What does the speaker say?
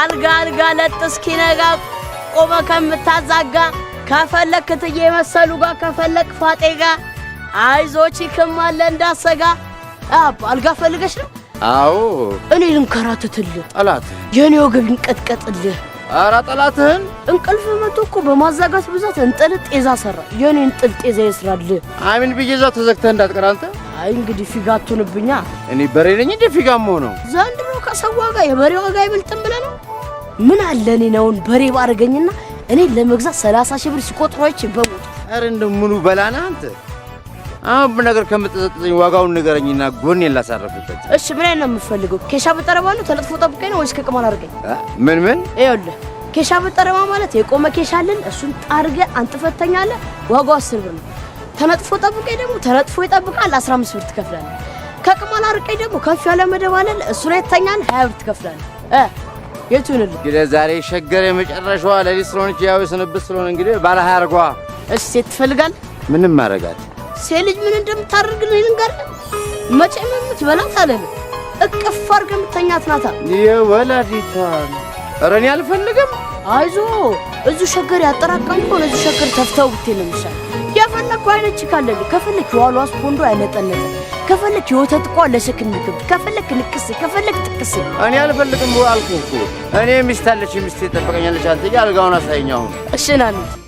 አልጋ አልጋ ለጥ እስኪነጋ ቆመ ከምታዛጋ ከፈለክ ክትዬ መሰሉ ጋር ከፈለክ ፋጤ ጋር አይዞች ይክማለ እንዳሰጋ። አብ አልጋ ፈልገሽ ነው? አዎ እኔ ልንከራትትልህ ጠላት የእኔ ወገብ ይንቀጥቀጥልህ። አራ ጠላትህን እንቅልፍ መቶ እኮ በማዛጋት ብዛት እንጥል ጤዛ ሰራ የእኔ እንጥል ጤዛ ይስራልህ። አሚን ብዬ እዛ ተዘግተህ እንዳትቀር አንተ አይ እንግዲህ ፊጋ አትሆንብኛ። እኔ በሬ ነኝ እንዴ ፊጋ መሆነው። ዘንድሮ ከሰው ዋጋ የበሬ ዋጋ አይበልጥም ብለህ ነው? ምን አለ እኔ ነውን በሬ ባደርገኝና እኔ ለመግዛት 30 ሺህ ብር ሲቆጥሮ አይቼ በሞት። ኧረ እንደው ምኑ በላና አንተ አሁን ነገር ከምትዘጥዘኝ ዋጋውን ንገረኝና ጎኔን ላሳረፍበት። እሺ ምን አይነት ነው የምፈልገው? ኬሻ በጠረባለሁ ተለጥፎ ጠብቀኝ ነው ወይስ ከቅማል አድርገኝ? ምን ምን? ይኸውልህ ኬሻ በጠረባ ማለት የቆመ ኬሻ አለን፣ እሱን ጣርገ አንጥፈተኛለ ዋጋው አስር ብር ነው። ተነጥፎ ጠብቄ ደግሞ ተነጥፎ ይጠብቃል፣ 15 ብር ትከፍላለህ። ከቅማል አርቄ ደግሞ ከፍ ያለ መደብ አለ፣ እሱ ላይ ተኛን፣ 20 ብር ትከፍላለህ። እ የቱንል እንግዲህ ዛሬ ሸገር የመጨረሻዋ ለሊት ስለሆነች ያው ስንብት ስለሆነ እንግዲህ ባለ 20 አርጓ እሺ፣ ሴት ትፈልጋለህ? ምንም ማረጋት ሴት ልጅ ምን እንደምታደርግ ነው ይንገር። ልንገርህ። መቼም የምትበላት አለህ እቅፍ አድርገህ የምተኛት ናታ። የወላዲቷን ኧረ አልፈልግም። አይዞ እዙ ሸገር ያጠራቀምከውን እዚሁ ሸገር ተፍተው ብቴ ነው የሚሻለው። በአይነት ችካለል ከፈለክ የዋሏስ ቦንዶ አይነጠነጥ ከፈለክ የወተት ቋ ለሽክ ምግብ ከፈለክ ንቅስ ከፈለክ ጥቅስ። እኔ አልፈልግም አልኩህ እኮ እኔ ሚስት አለች ሚስት ትጠብቀኛለች። አንተ አልጋውን አሳይኛው እሺ ናሚት